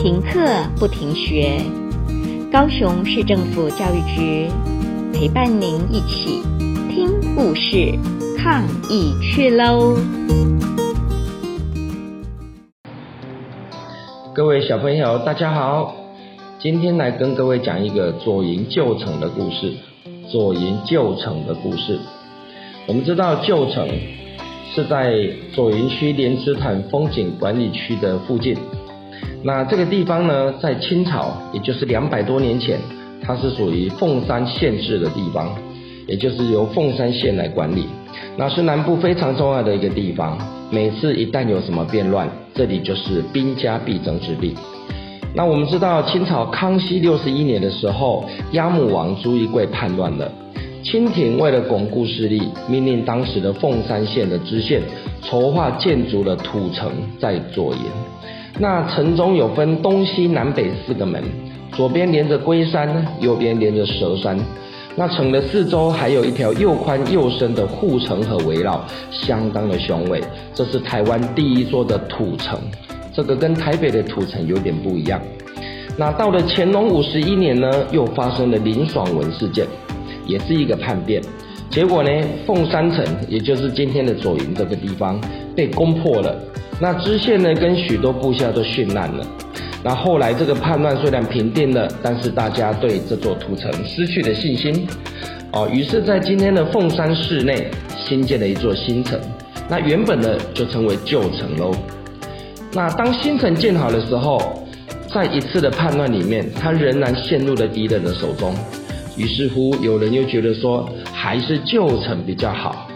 停課不停學，高雄市政府教育局陪伴您一起聽故事、抗疫趣嘍！各位小朋友，大家好，今天來跟各位講一個左營舊城的故事。左營舊城的故事，我們知道舊城是在左營區蓮池潭風景管理區的附近。那這個地方呢，在清朝，也就是兩百多年前，它是屬於鳳山縣治的地方，也就是由鳳山縣來管理。那是南部非常重要的一個地方，每次一旦有什麼變亂，這裡就是兵家必爭之地。那我們知道，清朝康熙六十一年的時候，押木王朱一貴叛亂了，清廷為了鞏固勢力，命令當時的鳳山縣的知縣籌劃建築的土城在左營。那城中有分東西南北四個門，左邊連着龜山，右邊連着蛇山。那城的四周還有一條又寬又深的護城河圍繞，相當的雄偉。這是台灣第一座的土城，這個跟台北的土城有點不一樣。那到了乾隆五十一年呢，又發生了林爽文事件，也是一個叛變。結果呢，鳳山城，也就是今天的左營這個地方，被攻破了。那知縣呢，跟許多部下都殉難了。那後來這個叛亂雖然平定了，但是大家對這座土城失去了信心。哦，於是，在今天的鳳山市內新建了一座新城。那原本呢，就稱為舊城嘍。那當新城建好的時候，在一次的叛亂裡面，他仍然陷入了敵人的手中。於是乎，有人又覺得說，還是舊城比較好。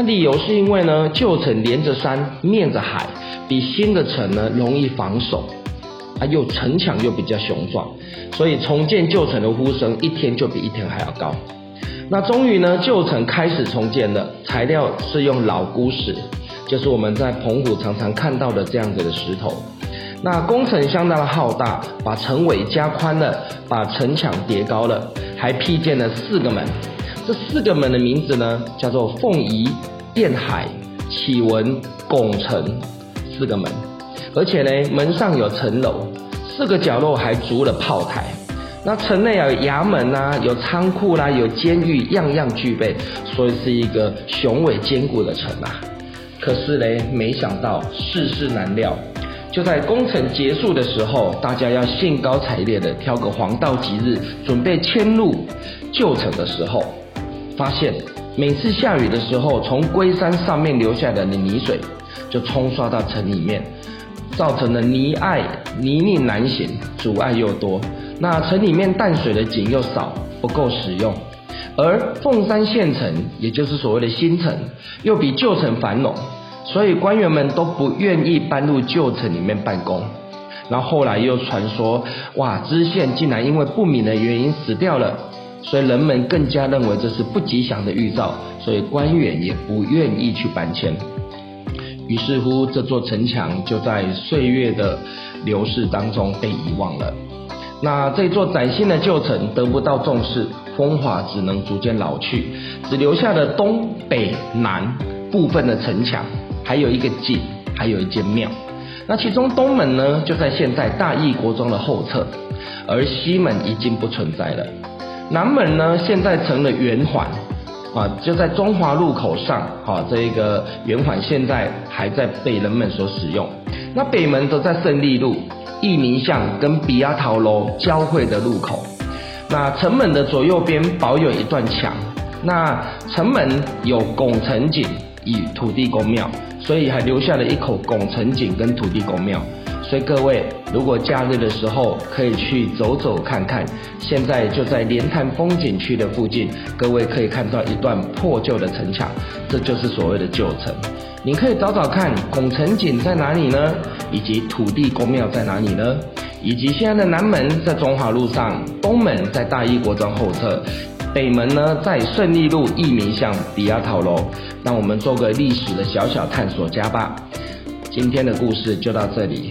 那理由是因為呢，舊城連着山，面着海，比新的城呢容易防守，啊，又，又城牆又比較雄壯，所以重建舊城的呼聲一天就比一天還要高。那終於呢，舊城開始重建了，材料是用咾咕石，就是我們在澎湖常常看到的這樣子的石頭。那工程相當的浩大，把城尾加寬了，把城牆疊高了，還闢建了四個門。這四個門的名字呢，叫做鳳儀。建海、啟文、拱辰，四個門，而且呢，門上有城樓，四個角落還築了炮台。那城內、啊、有衙門啊有倉庫啦、啊，有監獄，樣樣具備，所以是一個雄偉堅固的城啊。可是呢，沒想到世事難料，就在工程結束的時候，大家要興高采烈地挑個黃道吉日，準備遷入舊城的時候，發現。每次下雨的時候，從龜山上面流下來的，的泥水，就沖刷到城裡面，造成了泥礙、泥濘難行，阻礙又多。那城裡面淡水的井又少，不夠使用。而鳳山縣城，也就是所謂的新城，又比舊城繁榮，所以官員們都不願意搬入舊城裡面辦公。那後，後來又傳說，哇，知縣竟然因為不明的原因死掉了。所以人們更加認為這是不吉祥的預兆，所以官員也不願意去搬遷。於是乎，這座城牆就在歲月的流逝當中被遺忘了。那這座嶄新的舊城得不到重視，風華只能逐漸老去，只留下了東北南部分的城牆，還有一個井，還有一間廟。那其中東門呢，就在現在大義國中的後側，而西門已經不存在了。南門呢，現在成了圓環，啊，就在中華路口上，哈、啊，這一個圓環現在還在被人們所使用。那北門則在勝利路、益民巷跟比亞陶樓交匯的路口。那城門的左右邊保有一段牆。那城門有拱辰井與土地公廟，所以還留下了一口拱辰井跟土地公廟。所以各位，如果假日的時候可以去走走看看，現在就在蓮潭風景區的附近，各位可以看到一段破舊的城牆，這就是所謂的舊城。你可以找找看拱辰井在哪裡呢？以及土地公廟在哪裡呢？以及現在的南門在中華路上，東門在大一國中後側，北門呢在順利路益民巷第二陶樓。讓我們做個歷史的小小探索家吧。今天的故事就到這裡。